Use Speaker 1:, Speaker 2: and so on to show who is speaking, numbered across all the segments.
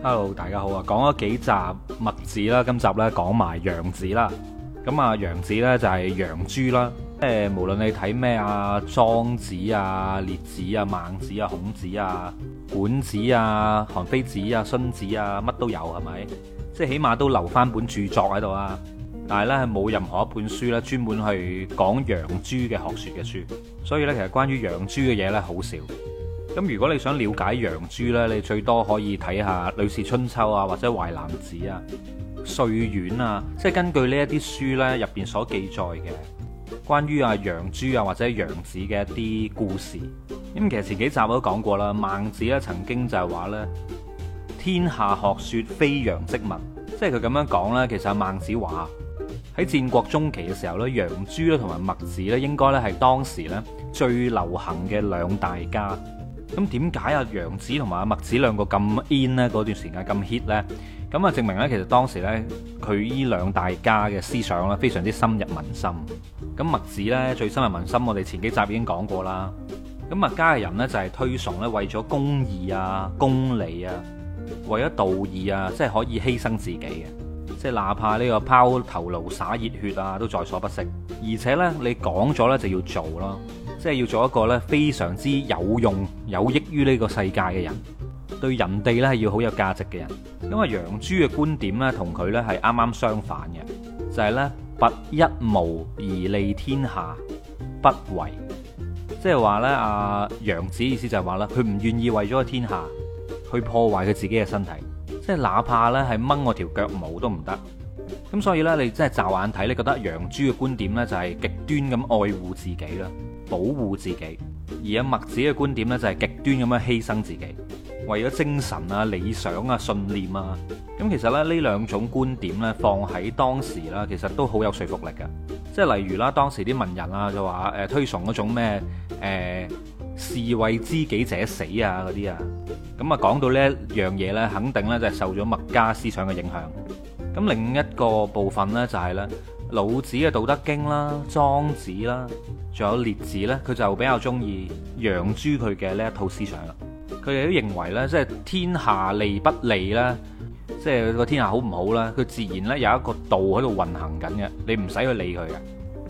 Speaker 1: Hello，大家好啊！講咗幾集墨子啦，今集咧講埋楊子啦。咁啊，楊子咧就係楊朱啦。即係無論你睇咩啊，莊子啊、列子啊、孟子啊、孔子啊、管子啊、韓非子啊、荀子啊，乜都有係咪？即係起碼都留翻本著作喺度啊。但係咧係冇任何一本書咧專門去講楊朱嘅學說嘅書，所以咧其實關於楊朱嘅嘢咧好少。咁如果你想了解楊朱呢，你最多可以睇下《呂氏春秋》啊，或者《淮南子》啊，《歲遠》啊，即係根據呢一啲書呢入邊所記載嘅關於啊楊朱啊或者楊子嘅一啲故事。咁、嗯、其實前幾集我都講過啦，孟子呢曾經就係話呢：「天下學說非楊即墨」，即係佢咁樣講咧。其實孟子話喺戰國中期嘅時候呢，楊朱咧同埋墨子呢應該呢係當時呢最流行嘅兩大家。咁點解阿楊子同埋阿墨子兩個咁 in 呢？嗰段時間咁 hit 呢？咁啊證明呢，其實當時呢，佢依兩大家嘅思想呢非常之深入民心。咁墨子呢，最深入民心，我哋前幾集已經講過啦。咁墨家嘅人呢，就係、是、推崇呢，為咗公義啊、公理啊，為咗道義啊，即係可以犧牲自己嘅，即係哪怕呢個拋頭顱灑熱血啊，都在所不惜。而且呢，你講咗呢，就要做咯。即係要做一個咧非常之有用、有益於呢個世界嘅人，對人哋咧係要好有價值嘅人。因為楊朱嘅觀點咧同佢咧係啱啱相反嘅，就係呢：「拔一毛而利天下，不為」，即係話呢，阿、啊、楊子意思就係話呢，佢唔願意為咗個天下去破壞佢自己嘅身體，即係哪怕呢係掹我條腳毛都唔得。咁所以呢，你真係驟眼睇，你覺得楊朱嘅觀點呢，就係極端咁愛護自己啦，保護自己；而阿墨子嘅觀點呢，就係極端咁樣犧牲自己，為咗精神啊、理想啊、信念啊。咁其實咧呢兩種觀點呢，放喺當時啦，其實都好有說服力㗎。即係例如啦，當時啲文人啊就話誒推崇嗰種咩誒士為知己者死啊嗰啲啊。咁啊講到呢一樣嘢呢，肯定呢，就係受咗墨家思想嘅影響。咁另一個部分呢，就係咧，老子嘅《道德經》啦、莊子啦，仲有列子呢。佢就比較中意楊朱佢嘅呢一套思想啦。佢哋都認為呢，即係天下利不利啦，即係個天下好唔好啦。佢自然呢有一個道喺度運行緊嘅，你唔使去理佢嘅，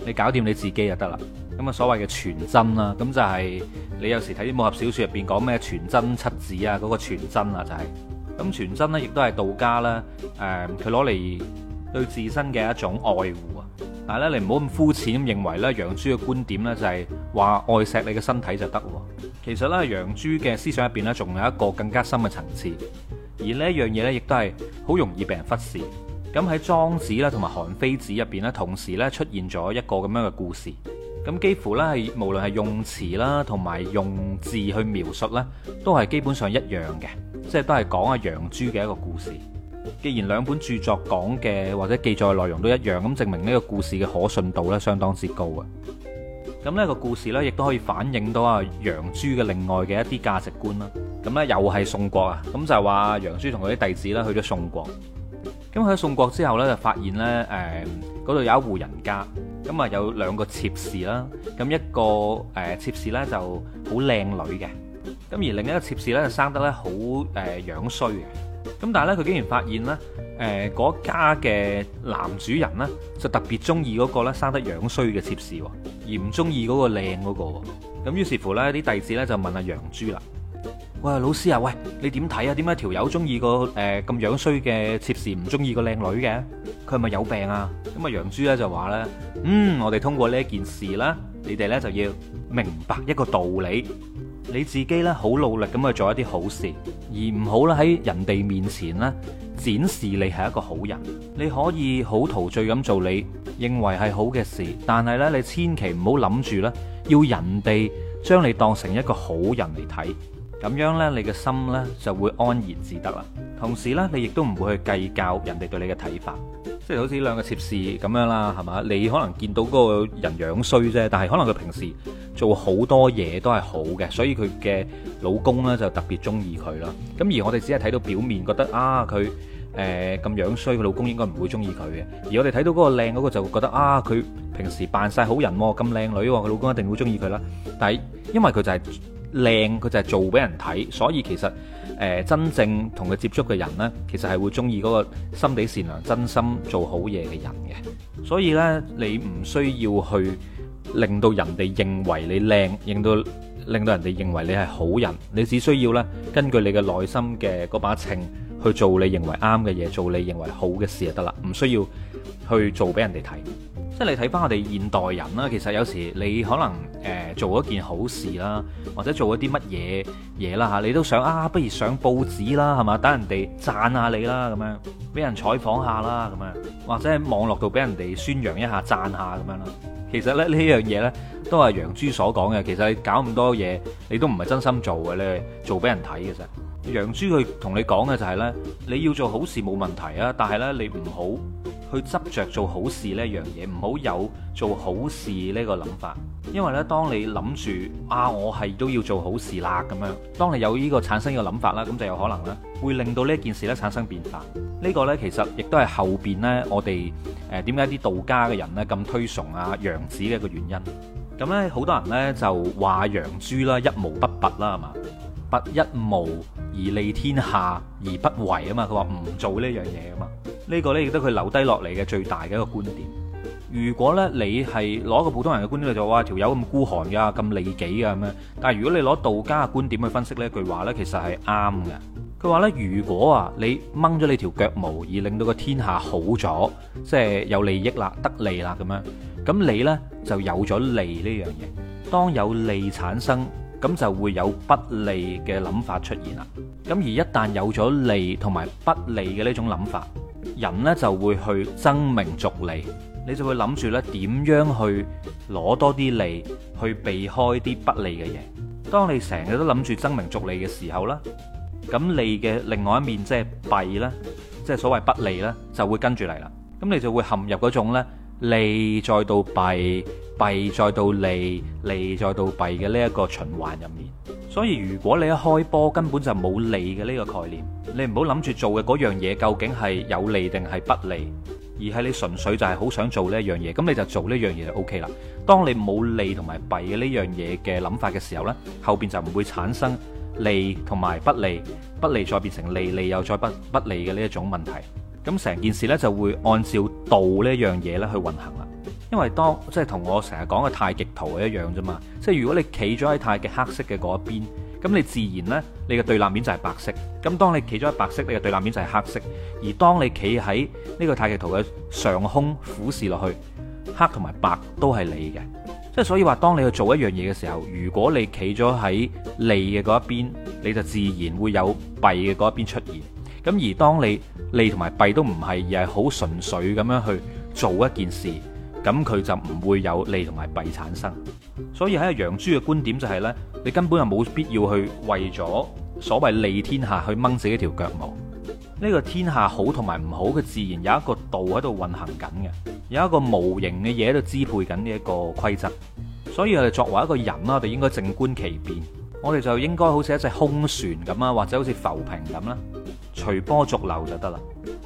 Speaker 1: 你搞掂你自己就得啦。咁啊，所謂嘅全真啦，咁就係、是、你有時睇啲武俠小說入面講咩全真七子啊，嗰、那個全真啊就係、是。咁全真咧，亦都係道家啦。佢攞嚟對自身嘅一種愛護啊！但係咧，你唔好咁膚淺咁認為咧，楊朱嘅觀點咧就係話愛錫你嘅身體就得喎。其實咧，楊朱嘅思想入面咧，仲有一個更加深嘅層次。而呢一樣嘢咧，亦都係好容易被人忽視。咁喺莊子啦，同埋韓非子入面咧，同時咧出現咗一個咁樣嘅故事。咁幾乎呢，係無論係用詞啦，同埋用字去描述呢，都係基本上一樣嘅，即係都係講阿楊朱嘅一個故事。既然兩本著作講嘅或者記載嘅內容都一樣，咁證明呢個故事嘅可信度呢，相當之高啊！咁呢個故事呢，亦都可以反映到阿楊朱嘅另外嘅一啲價值觀啦。咁呢又係宋國啊，咁就係話楊朱同佢啲弟子呢去咗宋國。咁去咗宋國之後呢，就發現呢，誒，嗰度有一戶人家。咁啊，有兩個妾侍啦，咁一個誒、呃、妾侍咧就好靚女嘅，咁而另一個妾侍咧就生得咧好誒樣衰嘅，咁但係咧佢竟然發現咧，誒、呃、嗰家嘅男主人咧就特別中意嗰個咧生得樣衰嘅妾侍喎，而唔中意嗰個靚嗰個喎，咁於是乎咧啲弟子咧就問阿楊朱啦。喂，老師啊，喂，你點睇啊？點解條友中意個誒咁樣衰嘅，妾侍唔中意個靚女嘅？佢係咪有病啊？咁啊，楊朱咧就話咧，嗯，我哋通過呢一件事啦，你哋咧就要明白一個道理。你自己咧好努力咁去做一啲好事，而唔好咧喺人哋面前咧展示你係一個好人。你可以好陶醉咁做你認為係好嘅事，但係咧你千祈唔好諗住咧要人哋將你當成一個好人嚟睇。咁樣呢，你嘅心呢就會安然自得啦。同時呢，你亦都唔會去計較人哋對你嘅睇法，即係好似兩個妾侍咁樣啦，係嘛？你可能見到嗰個人樣衰啫，但係可能佢平時做好多嘢都係好嘅，所以佢嘅老公呢就特別中意佢啦。咁而我哋只係睇到表面，覺得啊，佢誒咁樣衰，佢老公應該唔會中意佢嘅。而我哋睇到嗰個靚嗰個就會覺得啊，佢平時扮晒好人喎，哦，咁靚女喎，哦，佢老公一定會中意佢啦。但係因為佢就係、是。靚佢就係做俾人睇，所以其實誒、呃、真正同佢接觸嘅人呢，其實係會中意嗰個心地善良、真心做好嘢嘅人嘅。所以呢，你唔需要去令到人哋認為你靚，令到令到人哋認為你係好人。你只需要呢，根據你嘅內心嘅嗰把秤去做你認為啱嘅嘢，做你認為好嘅事就得啦，唔需要去做俾人哋睇。即係你睇翻我哋現代人啦，其實有時你可能誒、呃、做一件好事啦，或者做一啲乜嘢嘢啦嚇，你都想啊，不如上報紙啦，係嘛，等人哋讚下你啦，咁樣俾人採訪下啦，咁樣或者喺網絡度俾人哋宣揚一下、讚下咁樣啦。其實咧呢這樣嘢呢，都係楊朱所講嘅。其實你搞咁多嘢，你都唔係真心做嘅咧，你做俾人睇嘅啫。楊朱佢同你講嘅就係呢：「你要做好事冇問題啊，但係呢，你唔好，去執着做好事呢樣嘢，唔好有做好事呢個諗法，因為呢當你諗住啊，我係都要做好事啦咁樣，當你有呢個產生呢個諗法啦，咁就有可能啦，會令到呢件事咧產生變化。呢、這個呢，其實亦都係後面呢，我哋誒點解啲道家嘅人呢咁推崇啊楊子嘅一個原因。咁呢，好多人呢就話楊朱啦，一毛不拔啦，係嘛，拔一毛而利天下而不為啊嘛，佢話唔做呢樣嘢啊嘛。呢、這個呢，亦都佢留低落嚟嘅最大嘅一個觀點。如果呢，你係攞個普通人嘅觀點嚟做，哇條友咁孤寒㗎，咁利己㗎咁樣。但係如果你攞道家嘅觀點去分析呢句話呢，其實係啱嘅。佢話呢，如果啊你掹咗你條腳毛而令到個天下好咗，即係有利益啦，得利啦咁樣，咁你呢，就有咗利呢樣嘢。當有利產生，咁就會有不利嘅諗法出現啦。咁而一旦有咗利同埋不利嘅呢種諗法，人呢,就會去爭名逐利,你就會諗住呢,點樣去攞多啲利,去避開啲不利嘅嘢。當你成日都諗住爭名逐利嘅時候啦,咁利嘅另外一面,即係弊啦,即係所謂不利呢,就會跟住嚟啦。咁你就會陷入嗰種呢,利再到弊，弊再到利，利再到弊嘅呢一個循環入面。所以如果你一開波根本就冇利嘅呢個概念，你唔好諗住做嘅嗰樣嘢究竟係有利定係不利，而係你純粹就係好想做呢一樣嘢，咁你就做呢樣嘢就 OK 啦。當你冇利同埋弊嘅呢樣嘢嘅諗法嘅時候咧，後邊就唔會產生利同埋不利，不利再變成利，利又再不不利嘅呢一種問題。咁成件事呢，就會按照道呢樣嘢咧去運行啦。因為當即係同我成日講嘅太極圖一樣啫嘛。即係如果你企咗喺太極黑色嘅嗰一邊，咁你自然呢，你嘅對立面就係白色。咁當你企咗喺白色，你嘅對立面就係黑色。而當你企喺呢個太極圖嘅上空俯視落去，黑同埋白都係你嘅。即係所以話，當你去做一樣嘢嘅時候，如果你企咗喺利嘅嗰一邊，你就自然會有弊嘅嗰一邊出現。咁而當你利同埋弊都唔係，而係好純粹咁樣去做一件事，咁佢就唔會有利同埋弊產生。所以喺阿楊朱嘅觀點就係呢：你根本就冇必要去為咗所謂利天下去掹死一條腳毛。呢個天下好同埋唔好，嘅自然有一個道喺度運行緊嘅，有一個無形嘅嘢喺度支配緊呢一個規則。所以我哋作為一個人啦，我哋應該靜觀其變，我哋就應該好似一隻空船咁啊，或者好似浮萍咁啦。隨波逐流就得啦，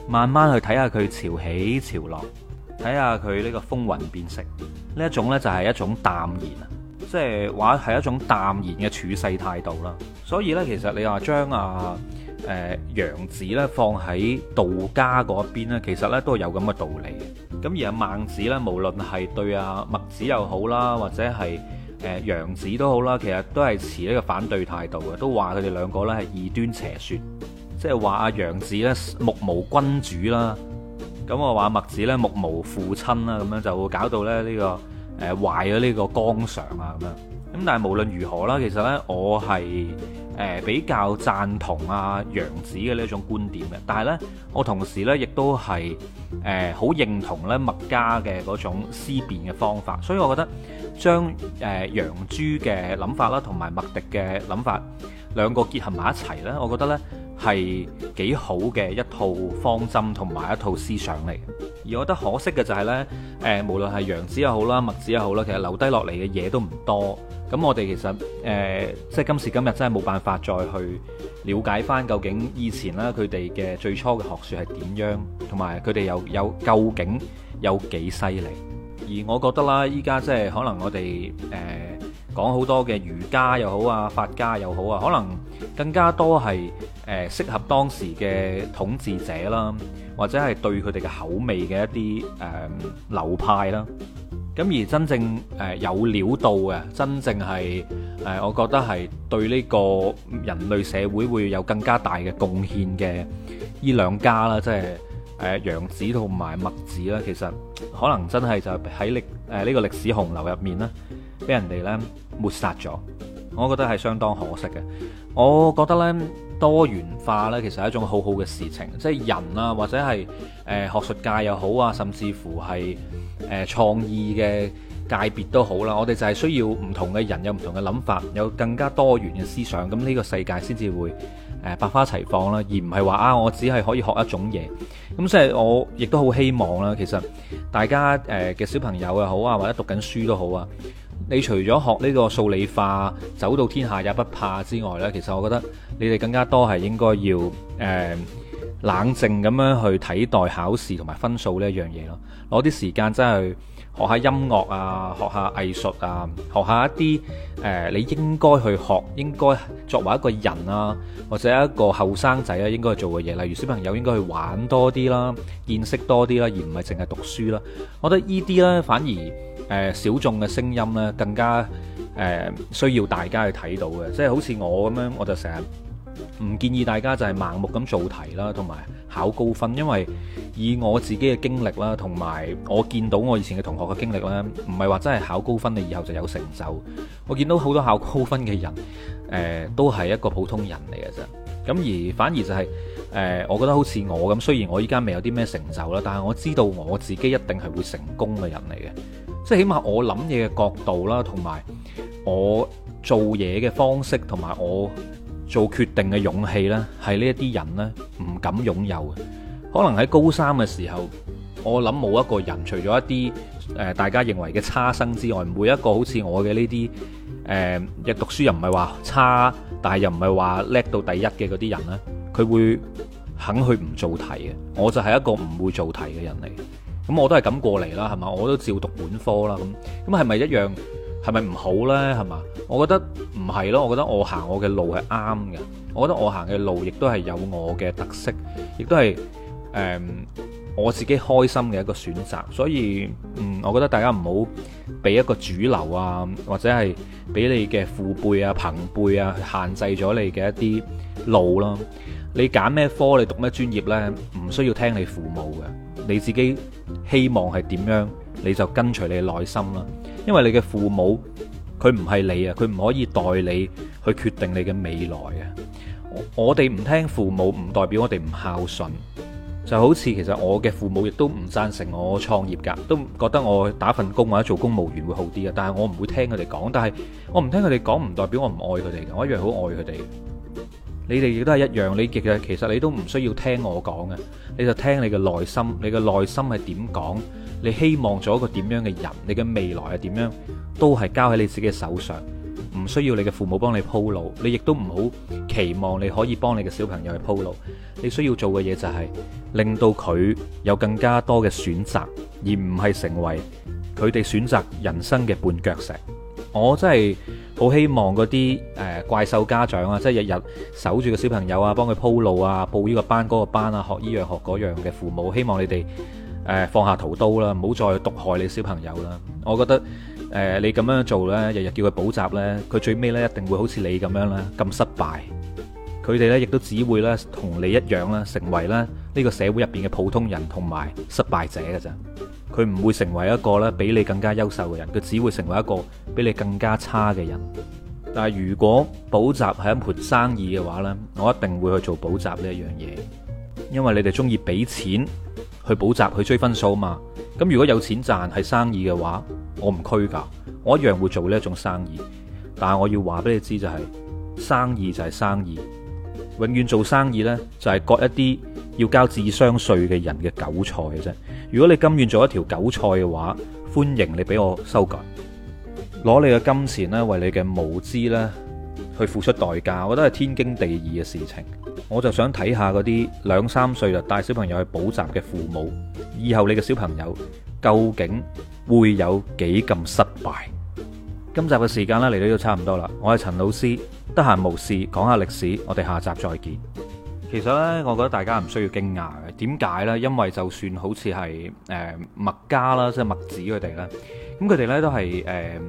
Speaker 1: 慢慢去睇下佢潮起潮落，睇下佢呢個風雲變色。呢一種呢，就係一種淡然，即係話係一種淡然嘅處世態度啦。所以呢，其實你話將阿誒楊子呢放喺道家嗰邊，其實呢都有咁嘅道理嘅。咁而阿孟子呢，無論係對阿墨子又好啦，或者係誒楊子都好啦，其實都係、呃、持呢個反對態度嘅，都話佢哋兩個呢係異端邪說。即係話阿楊子咧目無君主啦，咁我話墨子咧目無父親啦，咁樣就會搞到咧呢個誒壞咗呢個綱常啊咁樣。咁但係無論如何啦，其實咧我係誒比較贊同阿楊子嘅呢種觀點嘅，但係咧我同時咧亦都係誒好認同咧墨家嘅嗰種思辨嘅方法，所以我覺得將誒楊朱嘅諗法啦，同埋墨翟嘅諗法兩個結合埋一齊咧，我覺得咧。係幾好嘅一套方針同埋一套思想嚟，而我覺得可惜嘅就係呢，誒無論係楊子又好啦，墨子又好啦，其實留低落嚟嘅嘢都唔多。咁我哋其實誒，即係今時今日真係冇辦法再去了解返究竟以前啦，佢哋嘅最初嘅學説係點樣，同埋佢哋有有究竟有幾犀利。而我覺得啦，依家即係可能我哋誒。呃講好多嘅儒家又好啊，法家又好啊，可能更加多係誒適合當時嘅統治者啦，或者係對佢哋嘅口味嘅一啲、呃、流派啦。咁而真正誒有料到嘅，真正係誒我覺得係對呢個人類社會會有更加大嘅貢獻嘅呢兩家啦，即係誒楊子同埋墨子啦。其實可能真係就喺歷、呢個歷史洪流入面啦。俾人哋呢抹殺咗，我覺得係相當可惜嘅。我覺得呢多元化呢，其實係一種好好嘅事情。即係人啊，或者係、呃、學術界又好啊，甚至乎係、呃、創意嘅界別都好啦。我哋就係需要唔同嘅人有唔同嘅諗法，有更加多元嘅思想，咁呢個世界先至會誒、呃、百花齊放啦，而唔係話啊我只係可以學一種嘢。咁所以，我亦都好希望啦，其實大家嘅、呃、小朋友又好啊，或者讀緊書都好啊。你除咗學呢個數理化，走到天下也不怕之外呢，其實我覺得你哋更加多係應該要誒、呃、冷靜咁樣去睇待考試同埋分數呢一樣嘢咯。攞啲時間真係學下音樂啊，學下藝術啊，學下一啲誒、呃，你應該去學，應該作為一個人啊，或者一個後生仔啊，應該做嘅嘢，例如小朋友應該去玩多啲啦，見識多啲啦，而唔係淨係讀書啦。我覺得依啲呢，反而。誒，小眾嘅聲音咧，更加誒需要大家去睇到嘅。即係好似我咁樣，我就成日唔建議大家就係盲目咁做題啦，同埋考高分。因為以我自己嘅經歷啦，同埋我見到我以前嘅同學嘅經歷咧，唔係話真係考高分你以後就有成就。我見到好多考高分嘅人，誒，都係一個普通人嚟嘅啫。咁而反而就係誒，我覺得好似我咁，雖然我依家未有啲咩成就啦，但係我知道我自己一定係會成功嘅人嚟嘅。即係起碼我諗嘢嘅角度啦，同埋我做嘢嘅方式，同埋我做決定嘅勇氣呢，係呢一啲人呢唔敢擁有嘅。可能喺高三嘅時候，我諗冇一個人除咗一啲誒大家認為嘅差生之外，每一個好似我嘅呢啲誒嘅讀書又唔係話差，但係又唔係話叻到第一嘅嗰啲人呢，佢會肯去唔做題嘅。我就係一個唔會做題嘅人嚟。咁我都係咁過嚟啦，係嘛？我都照讀本科啦，咁咁係咪一樣？係咪唔好呢？係嘛？我覺得唔係咯，我覺得我行我嘅路係啱嘅。我覺得我行嘅路亦都係有我嘅特色，亦都係誒我自己開心嘅一個選擇。所以嗯，我覺得大家唔好俾一個主流啊，或者係俾你嘅父輩啊、朋輩啊去限制咗你嘅一啲路咯啊。你揀咩科，你讀咩專業呢？唔需要聽你父母嘅。你自己希望係點樣，你就跟隨你內心啦。因為你嘅父母佢唔係你啊，佢唔可以代你去決定你嘅未來啊。我哋唔聽父母唔代表我哋唔孝順，就好似其實我嘅父母亦都唔贊成我創業噶，都覺得我打份工或者做公務員會好啲嘅。但係我唔會聽佢哋講，但係我唔聽佢哋講唔代表我唔愛佢哋嘅，我一樣好愛佢哋。你哋亦都係一樣，你亦嘅其實你都唔需要聽我講嘅，你就聽你嘅內心，你嘅內心係點講，你希望做一個點樣嘅人，你嘅未來係點樣，都係交喺你自己嘅手上，唔需要你嘅父母幫你鋪路，你亦都唔好期望你可以幫你嘅小朋友去鋪路，你需要做嘅嘢就係、是、令到佢有更加多嘅選擇，而唔係成為佢哋選擇人生嘅絆腳石。我真係好希望嗰啲誒怪獸家長啊，即係日日守住個小朋友啊，幫佢鋪路啊，報呢個班、嗰個班啊，學呢樣學嗰樣嘅父母，希望你哋誒放下屠刀啦，唔好再毒害你小朋友啦。我覺得誒你咁樣做呢，日日叫佢補習呢，佢最尾呢，一定會好似你咁樣啦，咁失敗。佢哋呢，亦都只會咧同你一樣啦，成為咧呢個社會入邊嘅普通人同埋失敗者㗎咋。佢唔會成為一個咧比你更加優秀嘅人，佢只會成為一個比你更加差嘅人。但係如果補習係一盤生意嘅話呢，我一定會去做補習呢一樣嘢，因為你哋中意俾錢去補習去追分數嘛。咁如果有錢賺係生意嘅話，我唔拘噶，我一樣會做呢種生意。但係我要話俾你知就係，生意就係生意。永遠做生意呢，就係割一啲要交智商稅嘅人嘅韭菜嘅啫。如果你甘願做一條韭菜嘅話，歡迎你俾我修改，攞你嘅金錢呢，為你嘅無知呢去付出代價，我覺得係天經地義嘅事情。我就想睇下嗰啲兩三歲就帶小朋友去補習嘅父母，以後你嘅小朋友究竟會有幾咁失敗？今集嘅時間呢嚟到都差唔多啦，我係陳老師，得閒無事講下歷史，我哋下集再見。其實呢，我覺得大家唔需要驚訝嘅，點解呢？因為就算好似係誒墨家啦，即係墨子佢哋呢，咁佢哋呢都係誒、呃、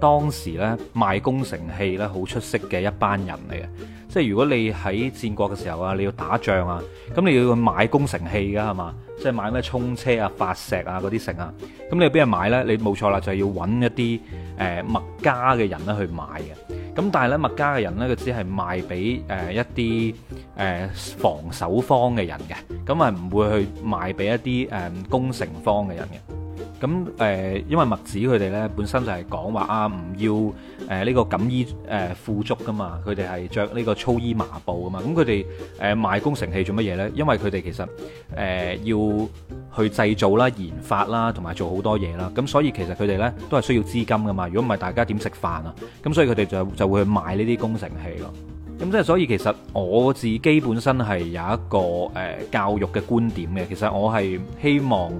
Speaker 1: 當時呢賣攻城器呢好出色嘅一班人嚟嘅，即係如果你喺戰國嘅時候啊，你要打仗啊，咁你要去買攻城器噶係嘛？即係買咩衝車啊、發石啊嗰啲成啊，咁你有邊人買呢？你冇錯啦，就係、是、要揾一啲誒墨家嘅人咧去買嘅。咁但係呢墨家嘅人呢，佢只係賣俾、呃、一啲、呃、防守方嘅人嘅，咁係唔會去賣俾一啲誒攻城方嘅人嘅。咁誒，因為墨子佢哋咧本身就係講話啊，唔要誒呢、呃這個錦衣誒富、呃、足噶嘛，佢哋係着呢個粗衣麻布噶嘛。咁佢哋誒賣工程器做乜嘢咧？因為佢哋其實誒、呃、要去製造啦、研發啦，同埋做好多嘢啦。咁所以其實佢哋咧都係需要資金噶嘛。如果唔係，大家點食飯啊？咁所以佢哋就就會去賣呢啲工程器咯。咁即係所以，其實我自己本身係有一個誒教育嘅觀點嘅。其實我係希望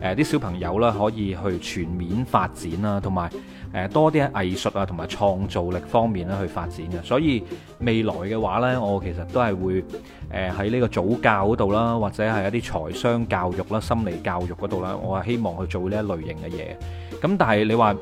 Speaker 1: 誒啲小朋友啦，可以去全面發展啦，同埋。誒多啲喺藝術啊，同埋創造力方面咧去發展嘅，所以未來嘅話呢，我其實都係會喺呢個早教嗰度啦，或者係一啲財商教育啦、心理教育嗰度啦，我係希望去做呢一類型嘅嘢。咁但係你話呢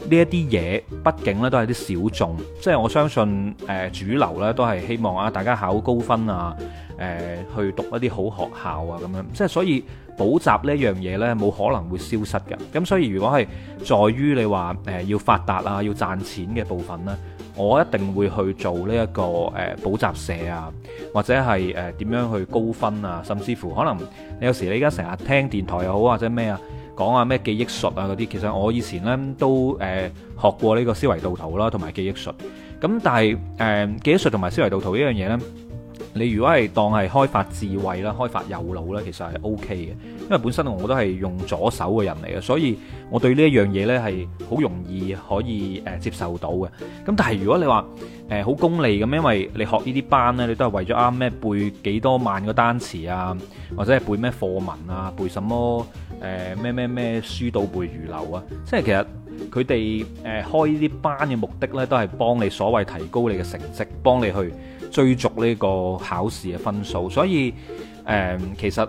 Speaker 1: 一啲嘢，呃、畢竟呢都係啲小眾，即係我相信誒主流呢都係希望啊大家考高分啊、呃，去讀一啲好學校啊咁樣，即係所以。補習呢樣嘢咧，冇可能會消失㗎。咁所以如果係在於你話誒、呃、要發達啊，要賺錢嘅部分呢，我一定會去做呢、這、一個誒、呃、補習社啊，或者係誒點樣去高分啊，甚至乎可能你有時你而家成日聽電台又好或者咩啊講下咩記憶術啊嗰啲。其實我以前呢都誒、呃、學過呢個思維導圖啦，同埋記憶術。咁但係誒記憶術同埋思維導圖呢樣嘢呢。你如果係當係開發智慧啦、開發右腦啦，其實係 OK 嘅，因為本身我都係用左手嘅人嚟嘅，所以我對呢一樣嘢呢，係好容易可以誒接受到嘅。咁但係如果你話誒好功利咁，因為你學呢啲班呢，你都係為咗啱咩背幾多萬個單詞啊，或者係背咩課文啊，背什麼誒咩咩咩書倒背如流啊，即係其實佢哋誒開呢啲班嘅目的呢，都係幫你所謂提高你嘅成績，幫你去，追逐呢個考試嘅分數，所以誒、嗯、其實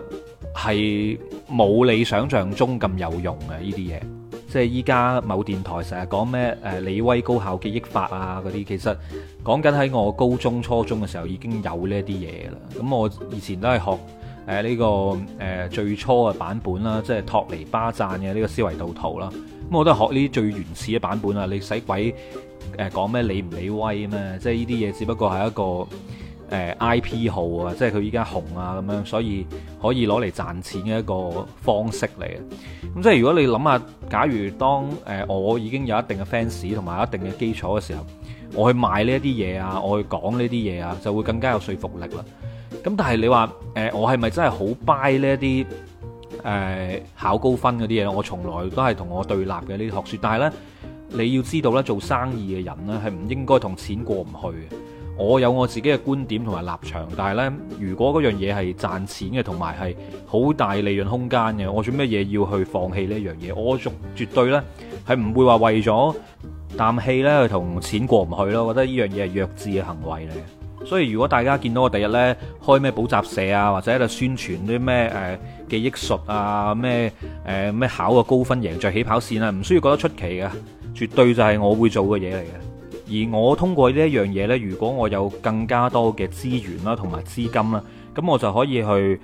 Speaker 1: 係冇你想象中咁有用嘅呢啲嘢。即係依家某電台成日講咩誒李威高考記憶法啊嗰啲，其實講緊喺我高中、初中嘅時候已經有呢啲嘢啦。咁我以前都係學誒呢、啊這個誒、呃、最初嘅版本啦，即係托尼巴贊嘅呢個思維導圖啦。咁我都係學呢啲最原始嘅版本啊！你使鬼？誒，講咩理唔理威吖嘛？即係呢啲嘢，只不過係一個誒 IP 號啊，即係佢依家紅啊，咁樣，所以可以攞嚟賺錢嘅一個方式嚟嘅。咁即係如果你諗下，假如當誒我已經有一定嘅 fans 同埋一定嘅基礎嘅時候，我去買呢一啲嘢啊，我去講呢啲嘢啊，就會更加有說服力啦。咁但係你話誒，我係咪真係好 buy 呢一啲誒考高分嗰啲嘢？我從來都係同我對立嘅呢學說，但係呢。你要知道咧，做生意嘅人呢，係唔應該同錢過唔去嘅。我有我自己嘅觀點同埋立場，但係呢，如果嗰樣嘢係賺錢嘅，同埋係好大利潤空間嘅，我做咩嘢要去放棄呢一樣嘢？我仲絕對呢，係唔會話為咗啖氣咧同錢過唔去咯。我覺得呢樣嘢係弱智嘅行為嚟。所以如果大家見到我第日呢，開咩補習社啊，或者喺度宣傳啲咩誒記憶術啊，咩誒咩考個高分贏着起跑線啊，唔需要覺得出奇嘅。絕對就係我會做嘅嘢嚟嘅，而我通過呢一樣嘢呢，如果我有更加多嘅資源啦，同埋資金啦，咁我就可以去誒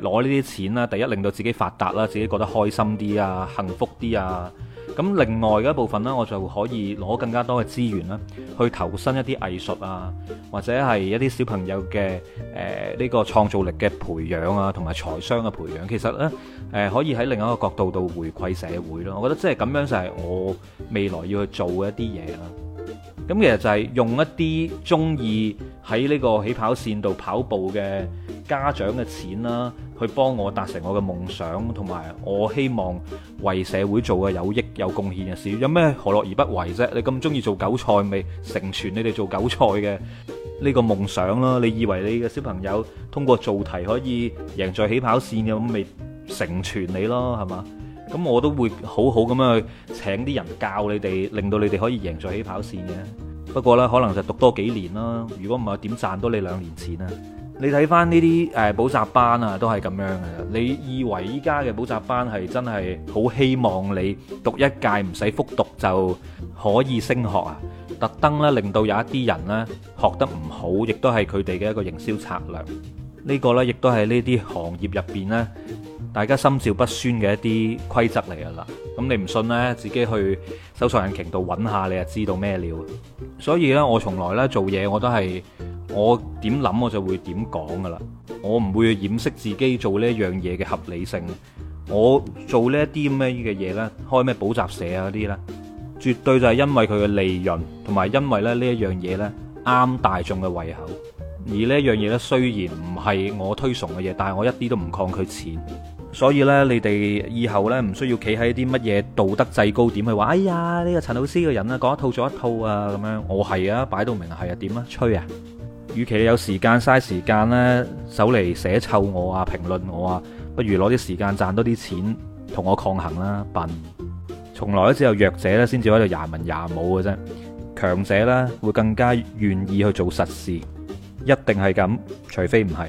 Speaker 1: 攞呢啲錢啦，第一，令到自己發達啦，自己覺得開心啲啊，幸福啲啊。咁另外嘅一部分呢，我就可以攞更加多嘅資源啦，去投身一啲藝術啊，或者係一啲小朋友嘅呢、呃呢個創造力嘅培養啊，同埋財商嘅培養。其實呢，呃、可以喺另一個角度度回饋社會咯。我覺得即係咁樣就係我未來要去做嘅一啲嘢啦。咁其實就係用一啲中意喺呢個起跑線度跑步嘅家長嘅錢啦，去幫我達成我嘅夢想，同埋我希望為社會做嘅有益有貢獻嘅事，有咩何樂而不為啫？你咁中意做韭菜，咪成全你哋做韭菜嘅呢個夢想咯。你以為你嘅小朋友通過做題可以贏在起跑線，咁咪成全你咯，係嘛？咁我都會好好咁樣去請啲人教你哋，令到你哋可以贏在起跑線嘅。不過呢，可能就讀多幾年囉。如果唔係點賺多你兩年錢啊？你睇翻呢啲誒補習班啊，都係咁樣嘅。你以為依家嘅補習班係真係好希望你讀一屆唔使復讀就可以升學啊？特登呢，令到有一啲人呢，學得唔好，亦都係佢哋嘅一個營銷策略。呢、呢個呢，亦都係呢啲行業入面呢，大家心照不宣嘅一啲規則嚟噶啦，咁你唔信呢？自己去搜索引擎度揾下，你就知道咩料。所以呢，我從來呢，做嘢我都係我點諗我就會點講噶啦，我唔會掩飾自己做呢一樣嘢嘅合理性。我做呢一啲咩嘅嘢呢？開咩補習社啊啲呢？絕對就係因為佢嘅利潤，同埋因為咧呢一樣嘢呢，啱大眾嘅胃口。而呢一樣嘢呢，雖然唔係我推崇嘅嘢，但係我一啲都唔抗拒錢。所以咧，你哋以後咧唔需要企喺啲乜嘢道德制高點去話，哎呀呢個陳老師嘅人啊，講一套做一套啊咁樣。我係啊，擺到明係啊，點啊，吹啊。與其有時間嘥時間呢，手嚟寫臭我啊、評論我啊，不如攞啲時間賺多啲錢，同我抗衡啦，笨。從來只有弱者咧先至喺度廿文廿武嘅啫，強者咧會更加願意去做實事，一定係咁，除非唔係。